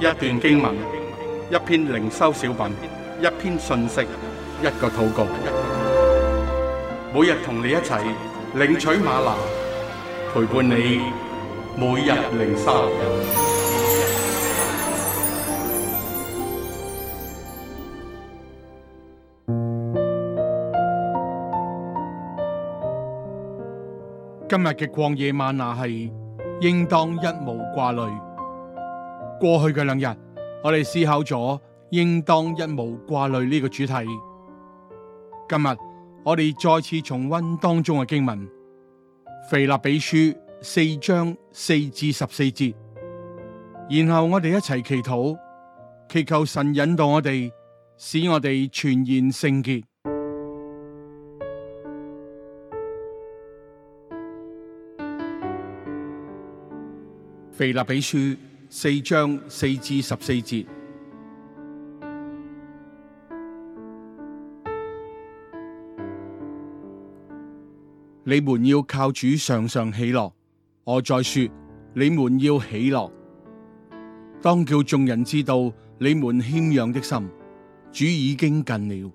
一段經文，一篇靈修小品，一篇信息，一個禱告。每日同你一齊領取嗎哪，陪伴你每日靈修。今日嘅曠野嗎哪係，應當一無掛慮。過去嘅兩日，我哋思考咗應當一無掛慮呢個主題。今日我哋再次重溫當中嘅經文《腓立比書》四章四至十四節，然後我哋一齊祈禱，祈求神引導我哋，使我哋全然聖潔。腓立比書四章四至十四節，你們要靠主常常喜樂。我再說，你們要喜樂，當叫眾人知道你們謙讓的心。主已經近了，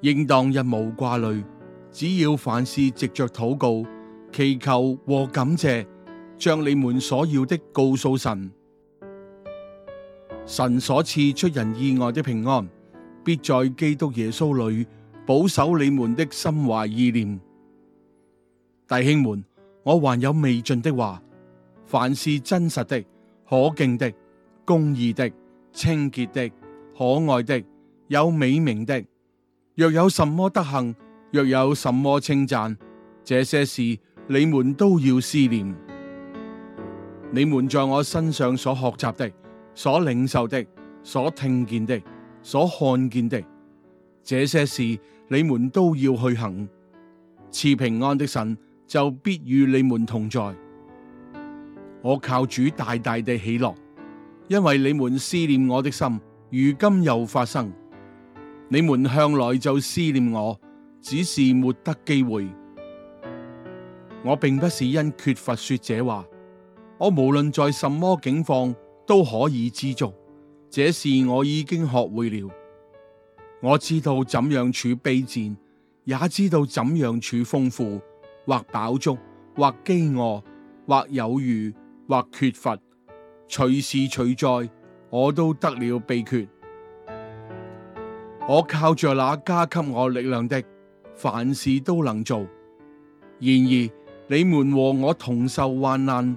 應當一無掛慮，只要凡事藉着禱告、祈求和感謝。將你們所要的告訴神，神所賜出人意外的平安，必在基督耶穌裏保守你們的心懷意念。弟兄們，我還有未盡的話，凡事真實的、可敬的、公義的、清潔的、可愛的、有美名的，若有什麼德行，若有什麼稱讚，這些事你們都要思念。你們在我身上所學習的、所領受的、所聽見的、所看見的這些事，你們都要去行。賜平安的神就必與你們同在。我靠主大大地喜樂，因為你們思念我的心，如今又發生。你們向來就思念我，只是沒得機會。我並不是因缺乏說這話。我無論在什麼境況都可以知足。這是我已經學會了。我知道怎樣處卑賤，也知道怎樣處豐富或飽足，或飢餓，或有餘，或缺乏，隨時隨在，我都得了秘訣。我靠着那加給我力量的，凡事都能做。然而你們和我同受患難。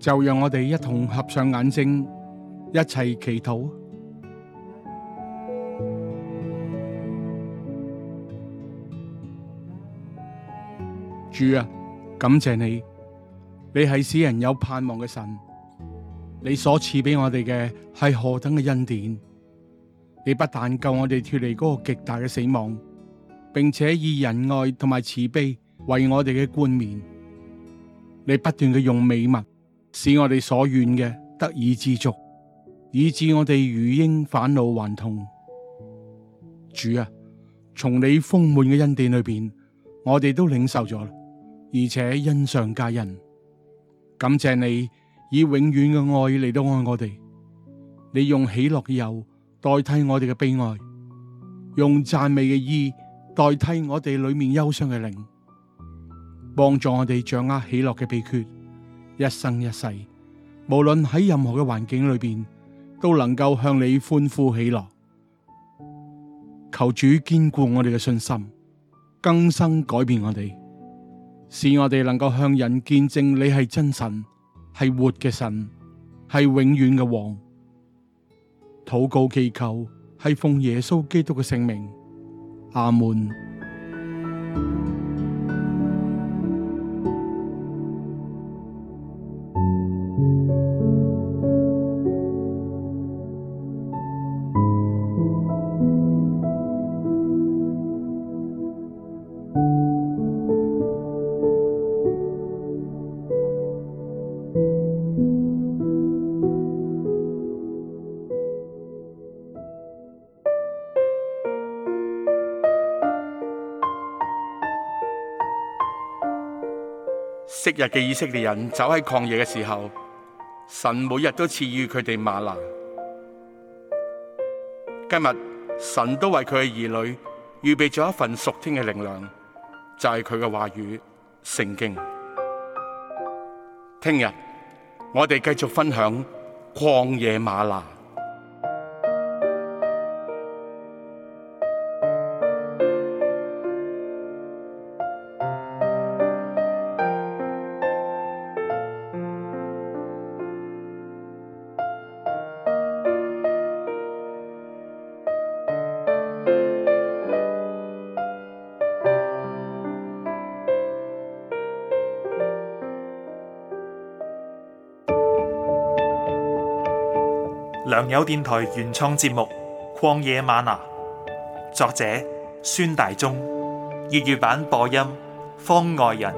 就讓我哋一同合上眼睛，一齊祈禱。主啊，感謝你，你係使人有盼望嘅神，你所賜俾我哋嘅係何等嘅恩典。你不但救我哋脱離嗰個極大嘅死亡，並且以仁愛同埋慈悲為我哋嘅冠冕。你不斷地用美物。使我哋所願嘅得以知足，以致我哋如鷹返老還童。主啊，從你豐滿嘅恩典裏邊，我哋都領受咗，而且恩上加恩。感謝你以永遠嘅愛嚟到愛我哋，你用喜樂嘅油代替我哋嘅悲哀，用讚美嘅衣代替我哋裏面憂傷嘅靈，幫助我哋掌握喜樂嘅秘訣。一生一世，無論喺任何嘅環境裏邊，都能夠向你歡呼喜樂。求主堅固我哋嘅信心，更新改變我哋，使我哋能夠向人見證你係真神，係活嘅神，係永遠嘅王。禱告祈求係奉耶穌基督嘅聖名。阿門。昔日嘅以色列人走喺曠野嘅時候，神每日都賜予佢哋嗎哪。今日神都為佢嘅兒女預備咗一份屬天嘅靈糧，就係佢嘅話語聖經。聽日我哋繼續分享曠野嗎哪。良友電台原創節目《曠野嗎哪》，作者孫大中，粵語版播音方外人，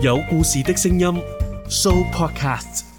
有故事的聲音，Show Podcast。